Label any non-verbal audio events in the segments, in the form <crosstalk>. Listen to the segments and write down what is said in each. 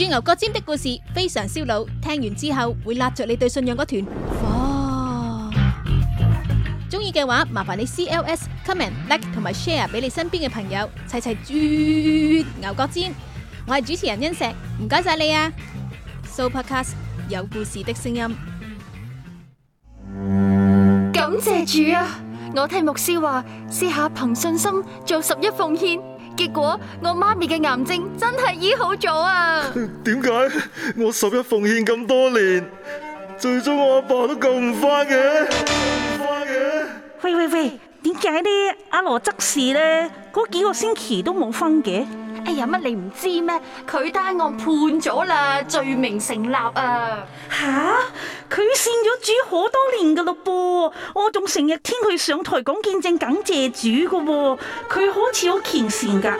鑽牛角尖的故事非常燒腦，聽完之後會拉著你對信仰嗰團火。中意嘅話，麻煩你 CLS、comment、like 同埋 share 俾你身邊嘅朋友，齊齊鑽牛角尖。我係主持人恩石，唔該晒你啊！Sooopodcast 有故事的聲音，感謝主啊！我聽牧師話，試下憑信心做十一奉獻。結果我媽咪嘅癌症真係醫好咗啊！點解我十一奉獻咁多年，最終我阿爸都救唔翻嘅？救唔翻嘅，喂喂喂，點解呢？阿羅執事咧幾個星期都冇返嘅？哎呀，乜你唔知咩？佢單案判咗啦，罪名成立啊！吓，佢先。主好多年噶咯噃，我仲成日聽佢上台講見證，感謝主噶，佢好似好虔善噶。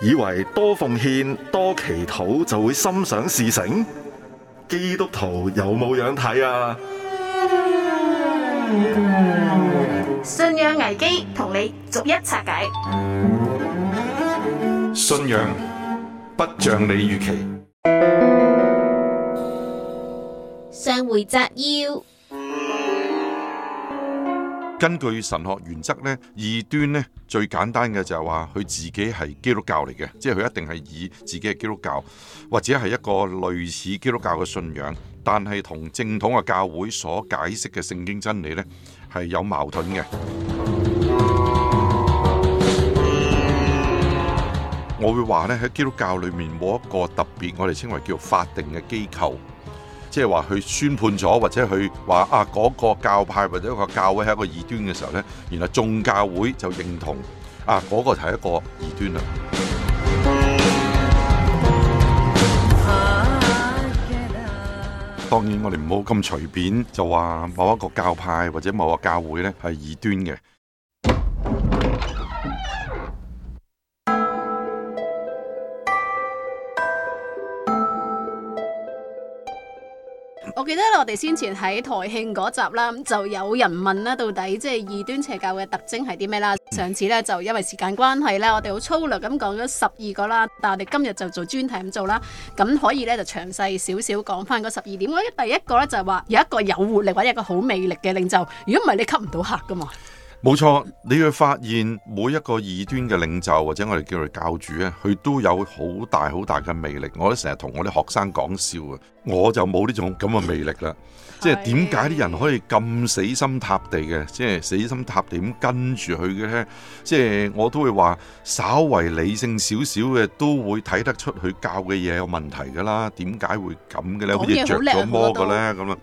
以為多奉獻多祈禱就會心想事成，基督徒有冇樣睇啊？信仰危機同你逐一拆解，信仰不像你預期。上回摘要，根據神學原則呢，異端咧最簡單嘅就係話佢自己係基督教嚟嘅，即係佢一定係以自己係基督教或者係一個類似基督教嘅信仰，但係同正統嘅教會所解釋嘅聖經真理呢係有矛盾嘅。我會話呢，喺基督教裏面冇一個特別我哋稱為叫法定嘅機構。即係話佢宣判咗，或者佢話啊嗰個教派或者一個教會係一個異端嘅時候呢，原來眾教會就認同啊嗰個係一個異端啦。當然，我哋唔好咁隨便就話某一個教派或者某個教會呢係異端嘅。記得我哋先前喺台慶嗰集啦，咁就有人問啦，到底即係異端邪教嘅特徵係啲咩啦？上次咧就因為時間關係咧，我哋好粗略咁講咗十二個啦，但係我哋今日就做專題咁做啦，咁可以咧就詳細少少講翻嗰十二點。我第一個咧就係話有一個有活力或者一個好魅力嘅領袖，如果唔係你吸唔到客㗎嘛。冇錯，你會發現每一個異端嘅領袖或者我哋叫佢教主咧，佢都有好大好大嘅魅力。我都成日同我啲學生講笑啊，我就冇呢種咁嘅魅力啦。 <laughs> 的即係點解啲人可以咁死心塌地嘅，即係死心塌地咁跟住佢嘅咧？即係我都會話，稍為理性少少嘅都會睇得出佢教嘅嘢有問題噶啦。點解會咁嘅咧？好似着咗魔嘅咧？咁啊，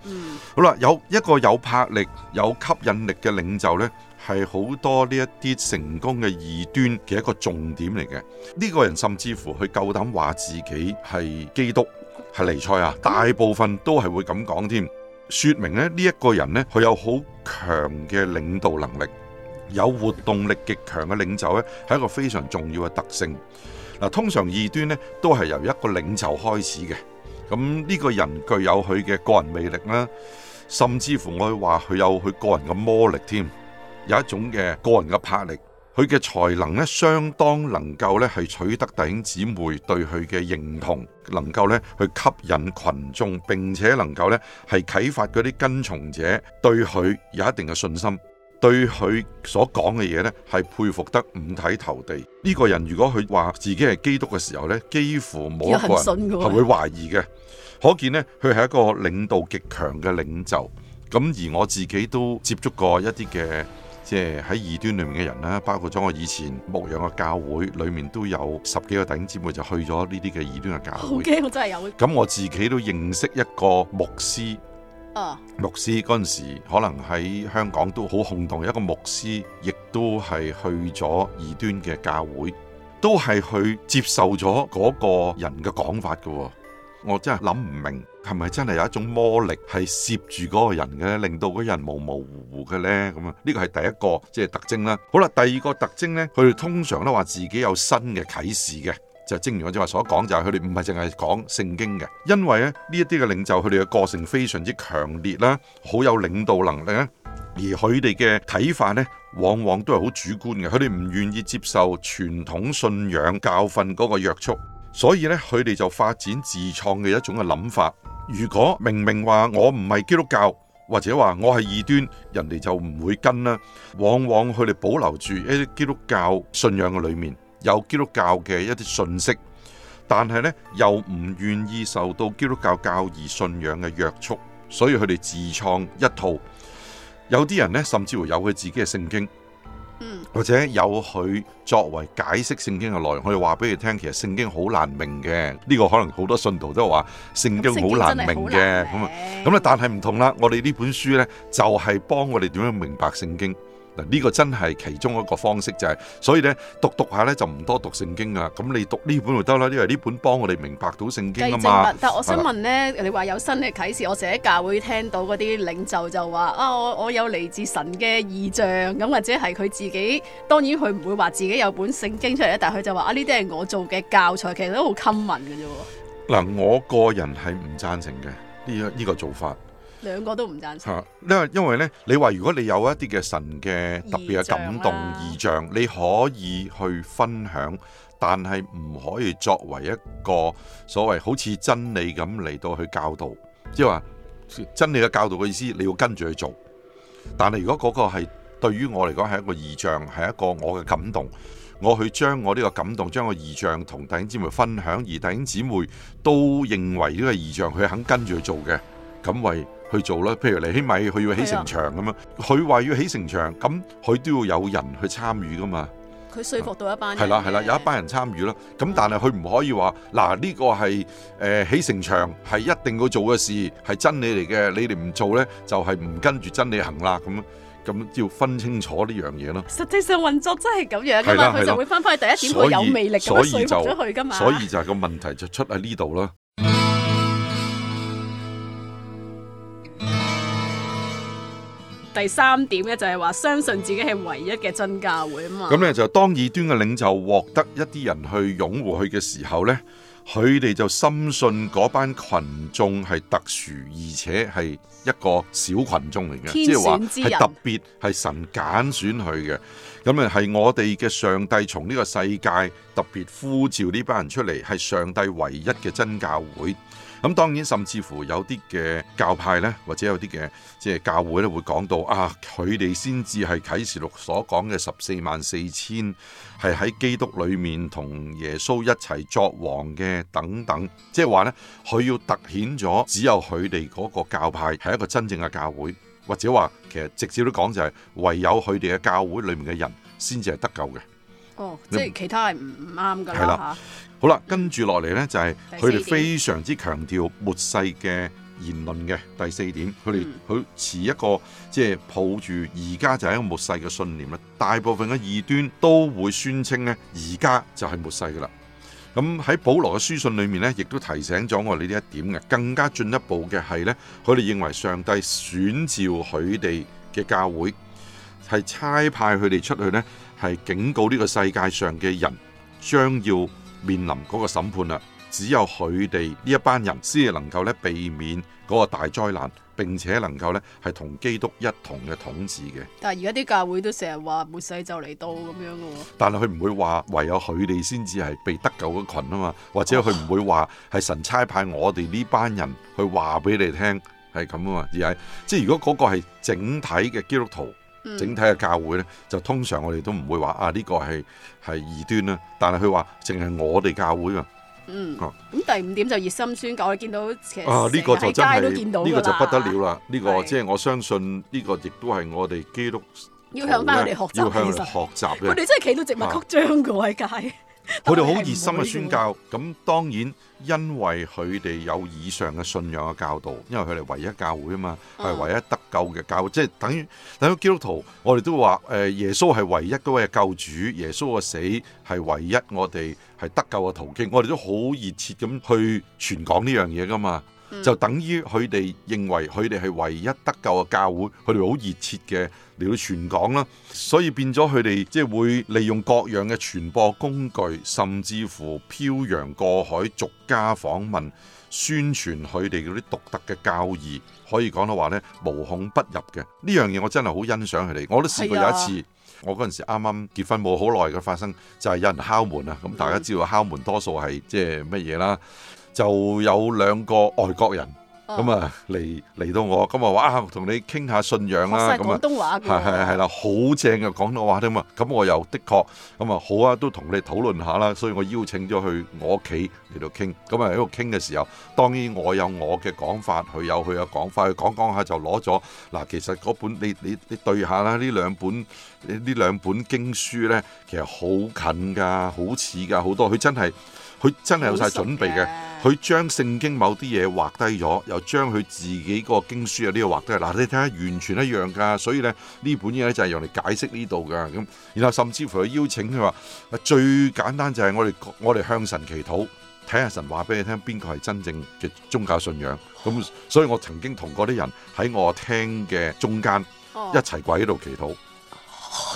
好啦，有一個有魄力、有吸引力嘅領袖咧。係好多呢一啲成功嘅異端嘅一個重點嚟嘅，呢個人甚至乎佢夠膽話自己係基督、係彌賽亞，大部分都係會咁講添，說明咧呢一個人呢，佢有好強嘅領導能力，有活動力極強嘅領袖呢係一個非常重要嘅特性。嗱，通常異端呢，都係由一個領袖開始嘅，咁呢個人具有佢嘅個人魅力啦，甚至乎我話佢有佢個人嘅魔力添。有一種嘅個人嘅魄力，佢嘅才能咧相當能夠咧係取得弟兄姊妹對佢嘅認同，能夠咧去吸引群眾，並且能夠咧係啟發嗰啲跟從者對佢有一定嘅信心，對佢所講嘅嘢咧係佩服得五體投地。呢個人如果佢話自己係基督嘅時候咧，幾乎冇一個人係會懷疑嘅。可見咧佢係一個領導極強嘅領袖。咁而我自己都接觸過一啲嘅。即係喺異端裏面嘅人啦，包括咗我以前牧養嘅教會，裏面都有十幾個弟兄姊妹就去咗呢啲嘅異端嘅教會。好驚，我真係有。咁我自己都認識一個牧師，哦、啊，牧師嗰陣時可能喺香港都好轟動，有一個牧師亦都係去咗異端嘅教會，都係去接受咗嗰個人嘅講法嘅。我真係諗唔明，係咪真係有一種魔力係攝住嗰個人嘅，令到嗰人模模糊糊嘅呢？咁啊，呢個係第一個即係、就是、特徵啦。好啦，第二個特徵呢，佢哋通常都話自己有新嘅啟示嘅，就是、正如我正話所講，就係佢哋唔係淨係講聖經嘅，因為咧呢一啲嘅領袖，佢哋嘅個性非常之強烈啦，好有領導能力咧，而佢哋嘅睇法呢，往往都係好主觀嘅，佢哋唔願意接受傳統信仰教訓嗰個約束。所以呢，佢哋就發展自創嘅一種嘅諗法。如果明明話我唔係基督教，或者話我係異端，人哋就唔會跟啦。往往佢哋保留住一啲基督教信仰嘅，裏面有基督教嘅一啲信息，但係呢又唔願意受到基督教教義信仰嘅約束，所以佢哋自創一套。有啲人呢，甚至乎有佢自己嘅聖經。或者有佢作為解釋聖經嘅內容，可以話俾佢聽，其實聖經好難明嘅。呢、這個可能好多信徒都話聖經，很難的聖經的好難明嘅咁咁啦，但係唔同啦，我哋呢本書呢，就係、是、幫我哋點樣明白聖經。呢個真係其中一個方式就係，所以咧讀讀下咧就唔多讀聖經㗎！咁你讀呢本就得啦，因為呢本幫我哋明白到聖經㗎嘛。但係我想問咧，你話有新嘅啟示，我成日喺教會聽到嗰啲領袖就話啊，我我有嚟自神嘅異象咁，或者係佢自己，當然佢唔會話自己有本聖經出嚟咧，但係佢就話啊呢啲係我做嘅教材，其實都好襟文㗎啫。嗱，我個人係唔贊成嘅呢呢個做法。兩個都唔贊成。吓、啊，因為因為咧，你話，如果你有一啲嘅神嘅特別嘅感動異象，異象，你可以去分享，但係唔可以作為一個所謂好似真理咁嚟到去教導，即係話真理嘅教導嘅意思，你要跟住去做。但係如果嗰個係對於我嚟講係一個異象，係一個我嘅感動，我去將我呢個感動，將個異象同弟兄姊妹分享，而弟兄姊妹都認為呢個異象，佢肯跟住去做嘅，咁為。去做啦，譬如尼希米，佢要起城牆咁啊，佢話要起城牆，咁佢、啊、都要有人去參與噶嘛。佢說服到一班人。係啦，係啦，有一班人參與啦。咁、嗯、但係佢唔可以話，嗱，呢個係誒、呃、起城牆係一定要做嘅事，係真理嚟嘅，你哋唔做咧就係、是、唔跟住真理行啦。咁樣咁要分清楚呢樣嘢咯。實際上運作真係咁樣㗎嘛，佢、啊啊、就會分翻去第一點好以有魅力咁說服咗佢㗎嘛。所所以就個問題就出喺呢度啦。第三點咧就係話相信自己係唯一嘅真教會啊嘛。咁咧就當異端嘅領袖獲得一啲人去擁護佢嘅時候呢，佢哋就深信嗰班群眾係特殊，而且係一個小群眾嚟嘅，即係話係特別係神揀選佢嘅。咁啊係我哋嘅上帝從呢個世界特別呼召呢班人出嚟，係上帝唯一嘅真教會。咁當然，甚至乎有啲嘅教派呢，或者有啲嘅即係教會呢，會講到啊，佢哋先至係啟示錄所講嘅十四萬四千，係喺基督裏面同耶穌一齊作王嘅等等，即係話呢，佢要凸顯咗只有佢哋嗰個教派係一個真正嘅教會，或者話其實直接都講就係唯有佢哋嘅教會裏面嘅人先至係得救嘅。哦，即係其他係唔唔啱噶啦。好啦，跟住落嚟呢，就係佢哋非常之強調末世嘅言論嘅第四點。佢哋佢持一個即係抱住而家就係一個末世嘅信念啦。大部分嘅異端都會宣稱呢，而家就係末世噶啦。咁喺保羅嘅書信裏面呢，亦都提醒咗我哋呢一點嘅，更加進一步嘅係呢，佢哋認為上帝選召佢哋嘅教會係差派佢哋出去呢，係警告呢個世界上嘅人將要面臨嗰個審判呀，只有佢哋呢一班人先係能夠咧避免嗰個大災難，並且能夠咧係同基督一同嘅統治嘅。但係而家啲教會都成日話末世就嚟到咁樣喎。但係佢唔會話唯有佢哋先至係被得救嘅群啊嘛，或者佢唔會話係神差派我哋呢班人去話俾你聽係咁啊嘛，而係即係如果嗰個係整體嘅基督徒。整體嘅教會咧，就通常我哋都唔會話啊呢個係係異端啦，但係佢話淨係我哋教會啊。嗯。哦，咁第五點就熱心宣教，我見到其實喺街都見到噶嘛。啊，呢個就真係呢個就不得了啦！呢個即係我相信呢個亦都係我哋基督徒要向翻佢哋學習，要向佢哋學習。佢哋真係企到植物曲張噶喎喺街。佢哋好熱心嘅宣教，咁當然因為佢哋有以上嘅信仰嘅教導，因為佢哋唯一教會啊嘛，係唯一得救嘅教會，即係等於等於基督徒，我哋都話誒耶穌係唯一嗰位救主，耶穌嘅死係唯一我哋係得救嘅途徑，我哋都好熱切咁去傳講呢樣嘢㗎嘛。就等於佢哋認為佢哋係唯一得救嘅教會，佢哋好熱切嘅嚟到全港啦，所以變咗佢哋即係會利用各樣嘅傳播工具，甚至乎漂洋過海逐家訪問宣傳佢哋嗰啲獨特嘅教義。可以講到話呢，無孔不入嘅呢樣嘢，我真係好欣賞佢哋。我都試過有一次，是啊、我嗰陣時啱啱結婚冇好耐嘅發生，就係、是、有人敲門啊！咁大家知道敲門多數係即係乜嘢啦？就有兩個外國人咁啊嚟嚟到我，咁啊話同你傾下信仰啦，咁啊，廣東話係係係啦，好正嘅講到話聽啊，咁我又的確咁啊，好啊，都同你討論下啦，所以我邀請咗去我屋企嚟到傾，咁啊喺度傾嘅時候，當然我有我嘅講法，佢有佢嘅講法，佢講講下就攞咗嗱，其實嗰本你你你對下啦，呢兩本呢兩本經書咧，其實好近㗎，好似㗎好多，佢真係。佢真係有晒準備嘅，佢將聖經某啲嘢畫低咗，又將佢自己個經書啊呢個畫低。嗱，你睇下完全一樣㗎，所以咧呢本嘢咧就係用嚟解釋呢度㗎。咁，然後甚至乎佢邀請，佢話，最簡單就係我哋我哋向神祈禱，睇下神話俾你聽邊個係真正嘅宗教信仰。咁，所以我曾經同嗰啲人喺我廳嘅中間一齊跪喺度祈禱。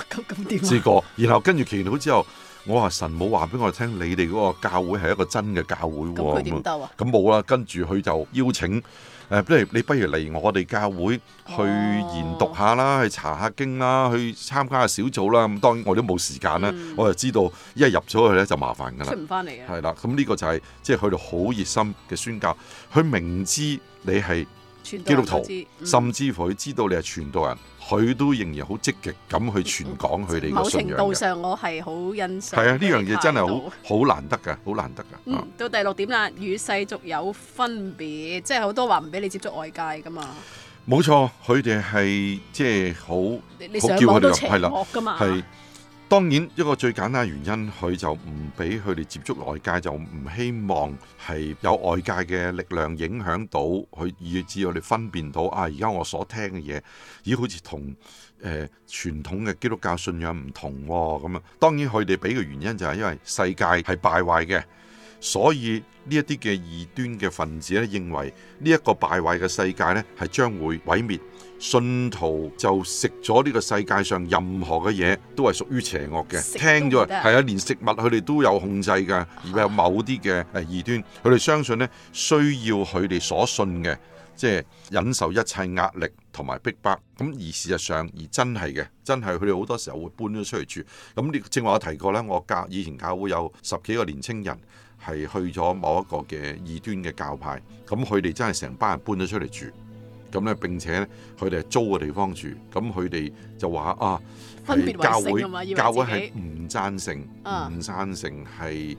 咁咁點？知、哦啊、過，然後跟住祈禱之後。我話神冇話俾我聽，你哋嗰個教會係一個真嘅教會。咁咁冇啦，跟住佢就邀請，誒、呃，不如你不如嚟我哋教會去研讀下啦，哦，去查下經啦，去參加下小組啦。咁當然我都冇時間啦，嗯、我就知道，一係入咗去咧就麻煩噶啦，出唔翻嚟啊。係啦，咁呢個就係即係佢哋好熱心嘅宣教，佢明知你係基督徒，都都知嗯、甚至乎佢知道你係傳道人。佢都仍然好積極咁去傳講佢哋個信仰。某程度上，我係好欣賞。係啊，呢樣嘢真係好好難得噶，好難得噶，嗯，到第六點啦，與世俗有分別，即係好多話唔俾你接觸外界噶嘛。冇錯，佢哋係即係好，嗯、很叫你想講都邪惡噶當然一個最簡單嘅原因，佢就唔俾佢哋接觸外界，就唔希望係有外界嘅力量影響到佢，以至我哋分辨到啊，而家我所聽嘅嘢，咦好似同誒傳統嘅基督教信仰唔同咁、哦、啊！當然佢哋俾嘅原因就係因為世界係敗壞嘅，所以呢一啲嘅異端嘅分子咧，認為呢一個敗壞嘅世界呢，係將會毀滅。信徒就食咗呢個世界上任何嘅嘢，都係屬於邪惡嘅。聽咗係啊，連食物佢哋都有控制㗎，而有某啲嘅誒異端，佢哋相信呢，需要佢哋所信嘅，即係忍受一切壓力同埋逼迫，迫。咁而事實上而真係嘅，真係佢哋好多時候會搬咗出嚟住。咁呢正話我提過呢我教以前教會有十幾個年輕人係去咗某一個嘅異端嘅教派，咁佢哋真係成班人搬咗出嚟住。咁咧，並且咧，佢哋係租個地方住，咁佢哋就話啊，係教會，教會係唔贊成，唔贊成係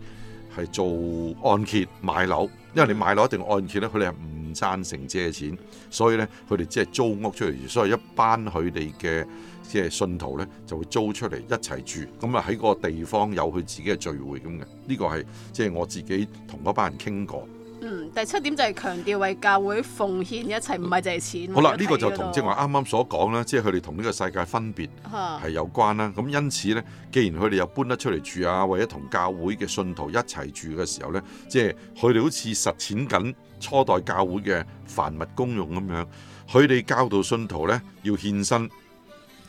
係、嗯、做按揭買樓，因為你買樓一定按揭咧，佢哋係唔贊成借錢，所以咧，佢哋只係租屋出嚟住，所以一班佢哋嘅即係信徒咧就會租出嚟一齊住，咁啊喺個地方有佢自己嘅聚會咁嘅，呢個係即係我自己同嗰班人傾過。嗯，第七點就係強調為教會奉獻一切，唔係淨係錢。好啦了，呢一體 個就同即係啱啱所講啦，即係佢哋同呢個世界分別係有關啦。咁因此呢，既然佢哋又搬得出嚟住啊，或者同教會嘅信徒一齊住嘅時候呢，即係佢哋好似實踐緊初代教會嘅凡物公用咁樣，佢哋教導信徒呢，要獻身。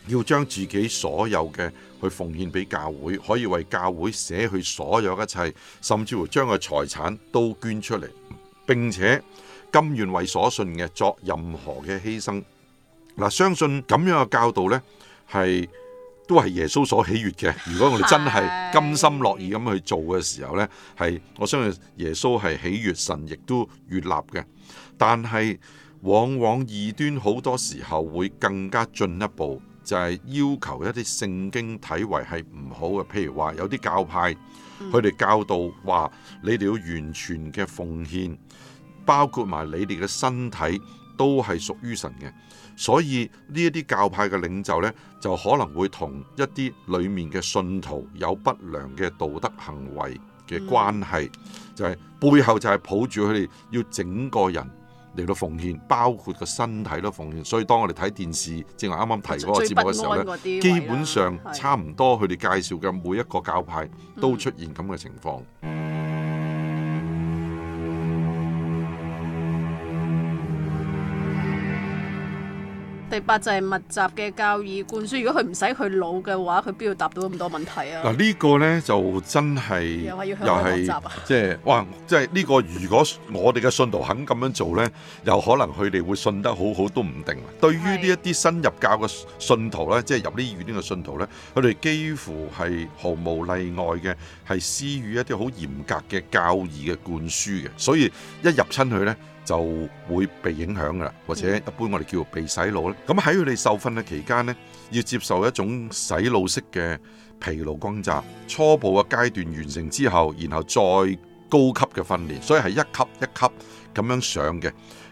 要將自己所有嘅去奉獻俾教會，可以為教會捨去所有的一切，甚至乎將個財產都捐出嚟。並且甘願為所信嘅作任何嘅犧牲。嗱，相信咁樣嘅教導呢，係都係耶穌所喜悅嘅。如果我哋真係甘心樂意咁去做嘅時候呢，係的我相信耶穌係喜悅神，亦都越立嘅。但係往往異端好多時候會更加進一步。就係要求一啲聖經體為係唔好嘅。譬如話有啲教派，佢哋教導話你哋要完全嘅奉獻，包括埋你哋嘅身體都係屬於神嘅。所以呢一啲教派嘅領袖呢，就可能會同一啲裡面嘅信徒有不良嘅道德行為嘅關係，就係、是、背後就係抱住佢哋要整個人，嚟到奉獻，包括個身體都奉獻，所以當我哋睇電視，正話啱啱提嗰個節目嘅時候咧，基本上差唔多佢哋介紹嘅每一個教派都出現咁嘅情況。嗯第八就係密集嘅教義灌輸，如果佢唔使去腦嘅話，佢邊要答到咁多問題啊？嗱，呢個咧就真係又係即係哇，即係呢個如果我哋嘅信徒肯咁樣做咧，又可能佢哋會信得好好都唔定。對於呢一啲新入教嘅信徒咧，即係入呢個院呢個信徒咧，佢哋幾乎係毫無例外嘅係施予一啲好嚴格嘅教義嘅灌輸嘅，所以一入親佢咧。就會被影響噶啦，或者一般我哋叫做被洗腦咧。咁喺佢哋受訓嘅期間呢，要接受一種洗腦式嘅疲勞轟炸。初步嘅階段完成之後，然後再高級嘅訓練，所以係一級一級咁樣上嘅。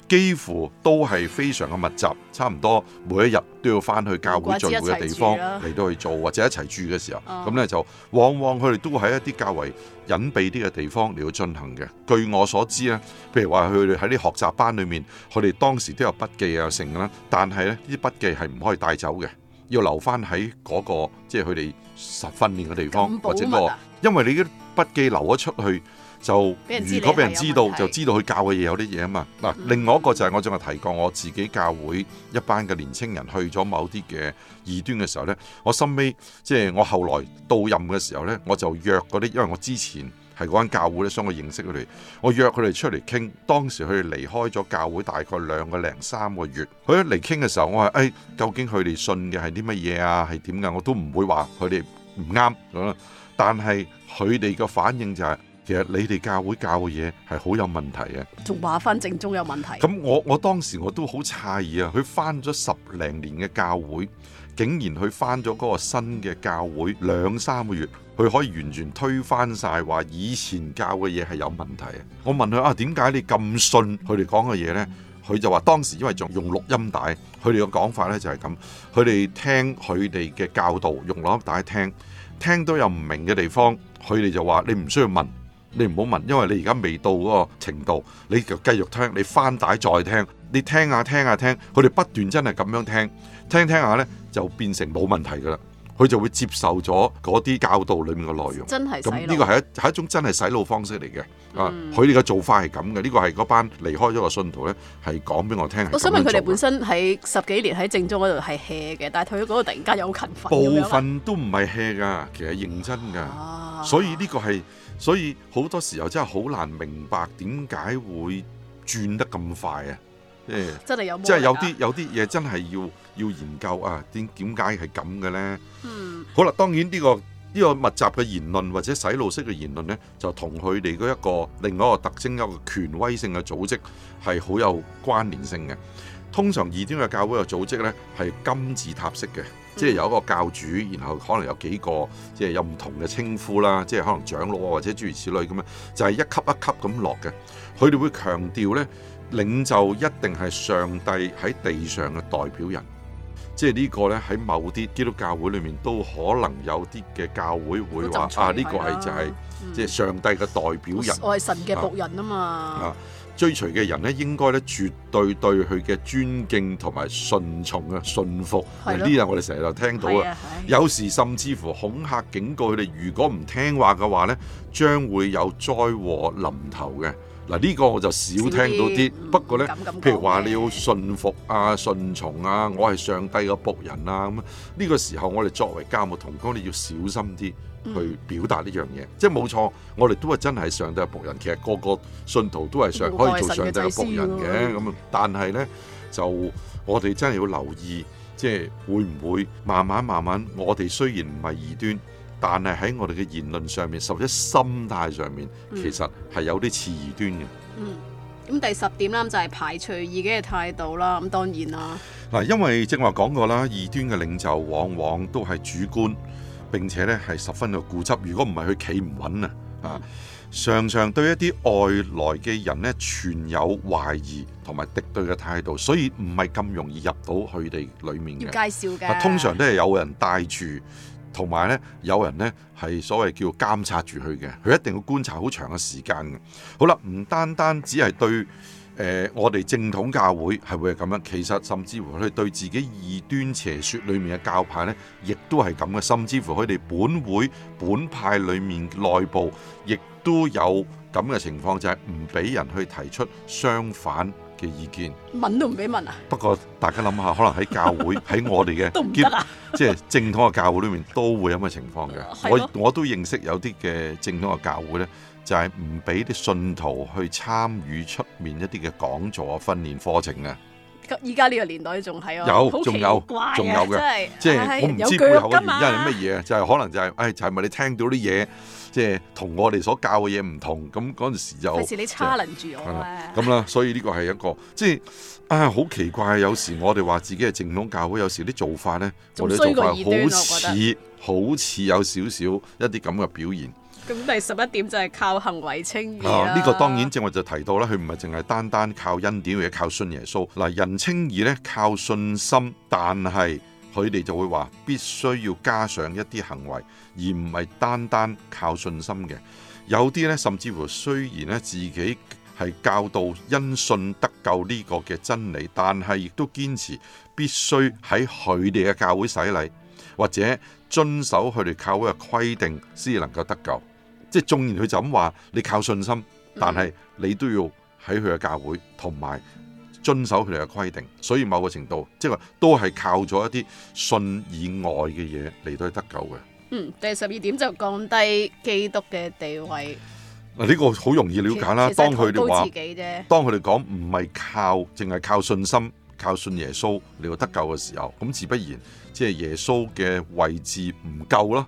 幾乎都係非常嘅密集，差唔多每一日都要翻去教會聚會嘅地方嚟到去做，或者一齊住嘅時候，咁呢就往往佢哋都會喺一啲較為隱蔽啲嘅地方嚟到進行嘅。據我所知呢，譬如話佢哋喺啲學習班裏面，佢哋當時都有筆記啊剩啦，但係呢啲筆記係唔可以帶走嘅，要留翻喺嗰個即係佢哋實訓練嘅地方或者嗰、嗰個，因為你啲筆記留咗出去。就如果俾人知道，知道就知道佢教嘅嘢有啲嘢啊嘛。嗱、嗯，另外一個就係我仲係提過我自己教會一班嘅年青人去咗某啲嘅異端嘅時候呢，我深尾即係我後來到任嘅時候呢，我就約嗰啲，因為我之前係嗰間教會咧，想我認識佢哋，我約佢哋出嚟傾。當時佢哋離開咗教會大概兩個零三個月，佢一嚟傾嘅時候，我話誒、哎，究竟佢哋信嘅係啲乜嘢啊？係點㗎？我都唔會話佢哋唔啱咁，但係佢哋嘅反應就係、是。其實你哋教會教嘅嘢係好有問題嘅，仲話翻正宗有問題咁，我我當時我都好詫異啊！佢翻咗十零年嘅教會，竟然佢翻咗嗰個新嘅教會兩三個月，佢可以完全推翻晒話以前教嘅嘢係有問題啊！我問佢啊，點解你咁信佢哋講嘅嘢呢？佢就話當時因為仲用錄音帶，佢哋嘅講法呢就係咁，佢哋聽佢哋嘅教導用錄音帶聽，聽到有唔明嘅地方，佢哋就話你唔需要問。你唔好問，因為你而家未到嗰個程度，你就繼續聽，你翻帶再聽，你聽下聽下聽，佢哋不斷真係咁樣聽，聽聽下呢就變成冇問題噶啦，佢就會接受咗嗰啲教導裏面嘅內容。真係咁呢個係一係一種真係洗腦方式嚟嘅。啊，佢哋嘅做法係咁嘅，呢個係嗰班離開咗個信徒呢，係講俾我聽。我想問佢哋本身喺十幾年喺正宗嗰度係 hea 嘅，但係佢嗰個突然間又好勤奮。部分都唔係 hea 噶，其實認真噶，所以呢個係。所以好多時候真係好難明白點解會轉得咁快啊！真係有、啊，即係有啲有啲嘢真係要要研究啊！點點解係咁嘅咧？嗯、好啦，當然呢個呢個密集嘅言論或者洗腦式嘅言論呢，就同佢哋嗰一個另外一個特徵一個權威性嘅組織係好有關聯性嘅。通常異端嘅教會嘅組織呢，係金字塔式嘅。嗯、即係有一個教主，然後可能有幾個，即係有唔同嘅稱呼啦，即係可能長老啊，或者諸如此類咁樣，就係、是、一級一級咁落嘅。佢哋會強調咧，領袖一定係上帝喺地上嘅代表人。即係呢個咧，喺某啲基督教會裏面都可能有啲嘅教會會話啊，呢、這個係就係即係上帝嘅代表人。嗯、我係神嘅僕人啊嘛。啊啊追隨嘅人咧，應該咧絕對對佢嘅尊敬同埋順從啊、信服。呢啲的我哋成日就聽到啊，有時甚至乎恐嚇警告佢哋，如果唔聽話嘅話咧。將會有災禍臨頭嘅嗱，呢、這個我就少聽到啲。自己 不過呢，感感譬如話你要信服啊、嗯、信從啊，我係上帝嘅僕人啦、啊。咁、這、呢個時候，我哋作為教牧同工，你要小心啲去表達呢樣嘢。嗯、即係冇錯，嗯、我哋都係真係上帝嘅僕人。其實個個信徒都係上有可以做上帝嘅僕人嘅。咁，嗯、但係呢，就我哋真係要留意，即係會唔會慢慢慢慢，我哋雖然唔係異端。但係喺我哋嘅言論上面，甚至心態上面，嗯、其實係有啲似異端嘅。嗯，咁第十點啦，就係排除異己嘅態度啦。咁當然啦。嗱，因為正話講過啦，異端嘅領袖往往都係主觀並且咧係十分嘅固執。如果唔係佢企唔穩啊，啊，嗯、常常對一啲外來嘅人咧存有懷疑同埋敵對嘅態度，所以唔係咁容易入到佢哋裡面嘅。要介紹嘅。通常都係有人帶住。同埋咧，有人咧係所謂叫監察住佢嘅，佢一定要觀察好長嘅時間嘅。好啦，唔單單只係對誒、呃、我哋正統教會係會係咁樣，其實甚至乎佢哋對自己異端邪説裡面嘅教派呢，亦都係咁嘅。甚至乎佢哋本會本派裡面內部亦都有咁嘅情況，就係唔俾人去提出相反。嘅意見，問都唔俾問啊！不過大家諗下，可能喺教會喺 <laughs> 我哋嘅都唔得、啊，即 <laughs> 係正統嘅教會裏面都會有咁嘅情況嘅。我我都認識有啲嘅正統嘅教會咧，就係唔俾啲信徒去參與出面一啲嘅講座啊、訓練課程啊。依家呢個年代仲係我有，仲有，仲、啊、有嘅，即係是我唔知背後嘅原因乜嘢，唉就係可能就係、是，哎，就係、是、咪你聽到啲嘢，即係同我哋所教嘅嘢唔同，咁嗰陣時就，時你 challenge 住我、啊，咁啦、就是，所以呢個係一個，即係啊，好奇怪，有時我哋話自己係正統教會，有時啲做法咧，像我哋做法好似，好似有少少一啲咁嘅表現。咁第十一點就係靠行為稱義呢，啊啊，呢個當然，正我就提到啦，佢唔係淨係單單靠恩典，而係靠信耶穌。嗱，人稱義咧，靠信心，但係佢哋就會話必須要加上一啲行為，而唔係單單靠信心嘅。有啲咧，甚至乎雖然咧，自己係教導因信得救呢個嘅真理，但係亦都堅持必須喺佢哋嘅教會洗禮或者遵守佢哋教會嘅規定，先能夠得救。即係縱然佢就咁話你靠信心，但係你都要喺佢嘅教會同埋遵守佢哋嘅規定，所以某個程度即係話都係靠咗一啲信以外嘅嘢嚟到去得救嘅。嗯，第十二點就降低基督嘅地位。嗱，呢個好容易了解啦，當佢哋話，當佢哋講唔係靠淨係靠信心，靠信耶穌嚟到得救嘅時候，咁自不然即係耶穌嘅位置唔夠囉。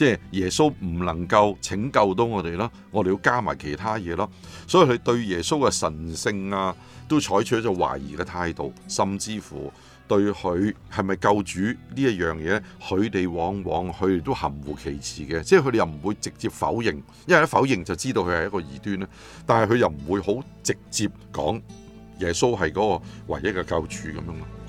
即係耶穌唔能夠拯救到我哋啦，我哋要加埋其他嘢咯，所以佢對耶穌嘅神性啊，都採取咗懷疑嘅態度，甚至乎對佢係咪救主呢一樣嘢，佢哋往往佢哋都含糊其詞嘅，即係佢哋又唔會直接否認，因為一否認就知道佢係一個異端啦，但係佢又唔會好直接講耶穌係嗰個唯一嘅救主咁樣。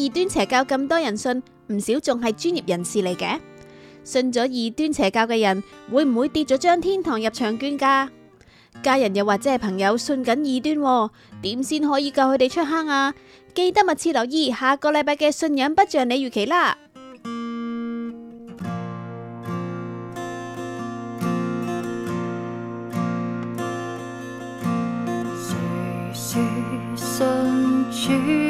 異端邪教咁多人信，唔少仲係專業人士嚟嘅。信咗異端邪教嘅人，會唔會跌咗一張天堂入場券㗎？家人又或者係朋友信緊異端，點先可以救佢哋出坑啊？記得密切留意下個禮拜嘅信仰，不像你預期啦。誰是信主？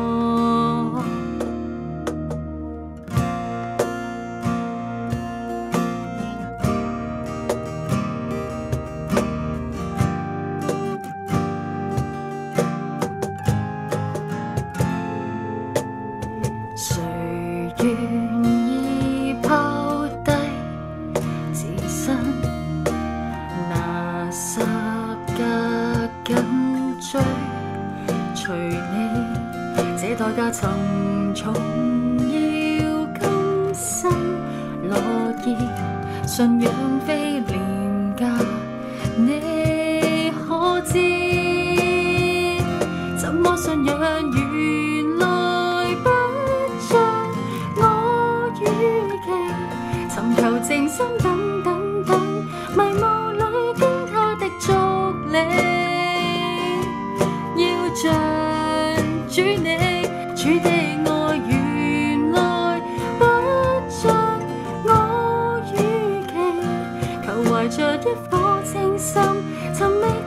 代價沉重，要今生落葉信仰飛。 <music>